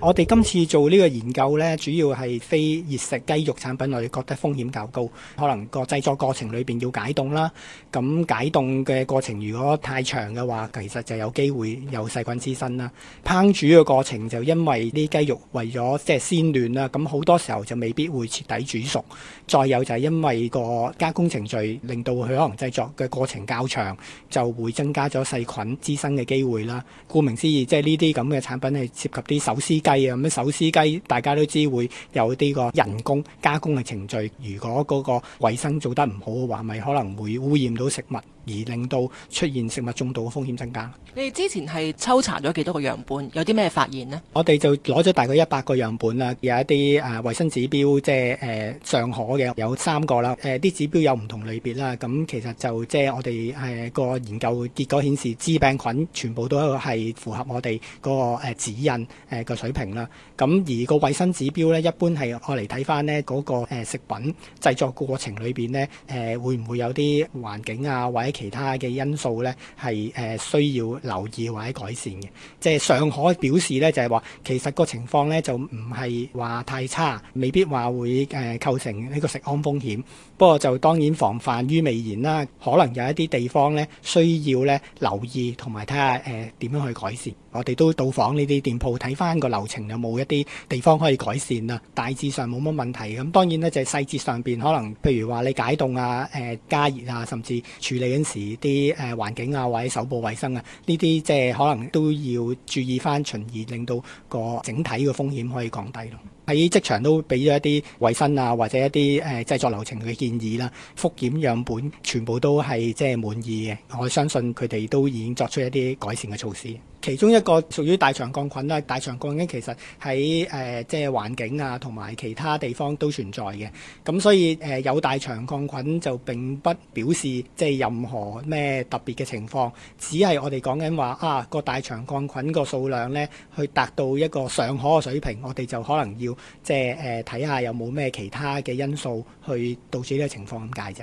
我哋今次做呢個研究呢，主要係非熱食雞肉產品類，我哋覺得風險較高。可能個製作過程裏邊要解凍啦，咁解凍嘅過程如果太長嘅話，其實就有機會有細菌滋生啦。烹煮嘅過程就因為啲雞肉為咗即係鮮嫩啦，咁好多時候就未必會徹底煮熟。再有就係因為個加工程序令到佢可能製作嘅過程較長，就會增加咗細菌滋生嘅機會啦。顧名思義，即係呢啲咁嘅產品係涉及啲手撕雞。雞係啊，咁手撕雞，大家都知會有啲個人工加工嘅程序。如果嗰個衛生做得唔好嘅話，咪可能會污染到食物，而令到出現食物中毒嘅風險增加。你之前係抽查咗幾多個樣本？有啲咩發現呢？我哋就攞咗大概一百個樣本啦，有一啲誒衛生指標，即係誒尚可嘅，有三個啦。誒啲指標有唔同類別啦，咁其實就即係、就係、我哋係個研究結果顯示，致病菌全部都係符合我哋嗰個指引誒個水平，啦，咁而個衞生指標咧，一般係我嚟睇翻咧嗰個食品製作過程裏邊咧，誒、呃、會唔會有啲環境啊或者其他嘅因素咧，係誒、呃、需要留意或者改善嘅。即係上海表示咧，就係、是、話其實個情況咧就唔係話太差，未必話會誒、呃、構成呢個食安風險。不過就當然防範於未然啦，可能有一啲地方咧需要咧留意同埋睇下誒點樣去改善。我哋都到訪呢啲店鋪睇翻個流。情有冇一啲地方可以改善啊？大致上冇乜問題。咁，當然咧就係細節上邊可能，譬如話你解凍啊、誒、呃、加熱啊，甚至處理嗰陣時啲誒環境啊，或者手部衛生啊，呢啲即係可能都要注意翻，循而令到個整體嘅風險可以降低咯。喺職場都俾咗一啲衛生啊，或者一啲誒製作流程嘅建議啦、啊。複檢樣本全部都係即係滿意嘅，我相信佢哋都已經作出一啲改善嘅措施。其中一個屬於大腸桿菌啦，大腸桿菌其實喺誒、呃、即係環境啊，同埋其他地方都存在嘅。咁所以誒、呃、有大腸桿菌就並不表示即係任何咩特別嘅情況，只係我哋講緊話啊個大腸桿菌個數量咧去達到一個上可嘅水平，我哋就可能要即係誒睇下有冇咩其他嘅因素去導致呢個情況咁解啫。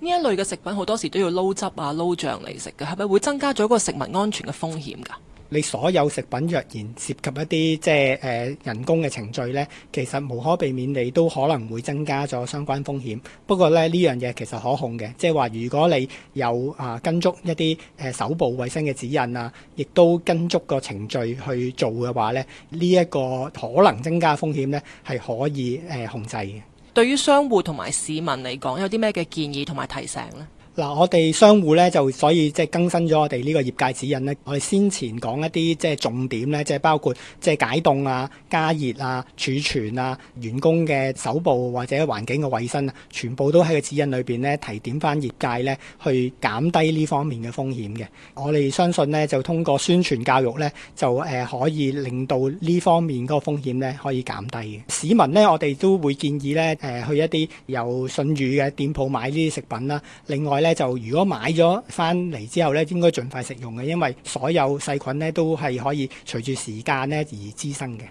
呢一類嘅食品好多時都要撈汁啊、撈醬嚟食嘅，係咪會增加咗一個食物安全嘅風險㗎？你所有食品若然涉及一啲即係誒人工嘅程序咧，其實無可避免，你都可能會增加咗相關風險。不過咧，呢樣嘢其實可控嘅，即係話如果你有啊、呃、跟足一啲誒、呃、手部衛生嘅指引啊，亦都跟足個程序去做嘅話咧，呢、這、一個可能增加風險咧係可以誒、呃、控制嘅。對於商戶同埋市民嚟講，有啲咩嘅建議同埋提醒咧？嗱，我哋商戶咧就所以即係更新咗我哋呢個業界指引咧。我哋先前講一啲即係重點咧，即係包括即係解凍啊、加熱啊、儲存啊、員工嘅手部或者環境嘅衛生啊，全部都喺個指引裏邊咧提點翻業界咧去減低呢方面嘅風險嘅。我哋相信咧就通過宣傳教育咧，就誒可以令到呢方面嗰個風險咧可以減低嘅。市民咧，我哋都會建議咧誒去一啲有信譽嘅店鋪買呢啲食品啦。另外咧就如果買咗返嚟之後咧，應該盡快食用嘅，因為所有細菌咧都係可以隨住時間咧而滋生嘅。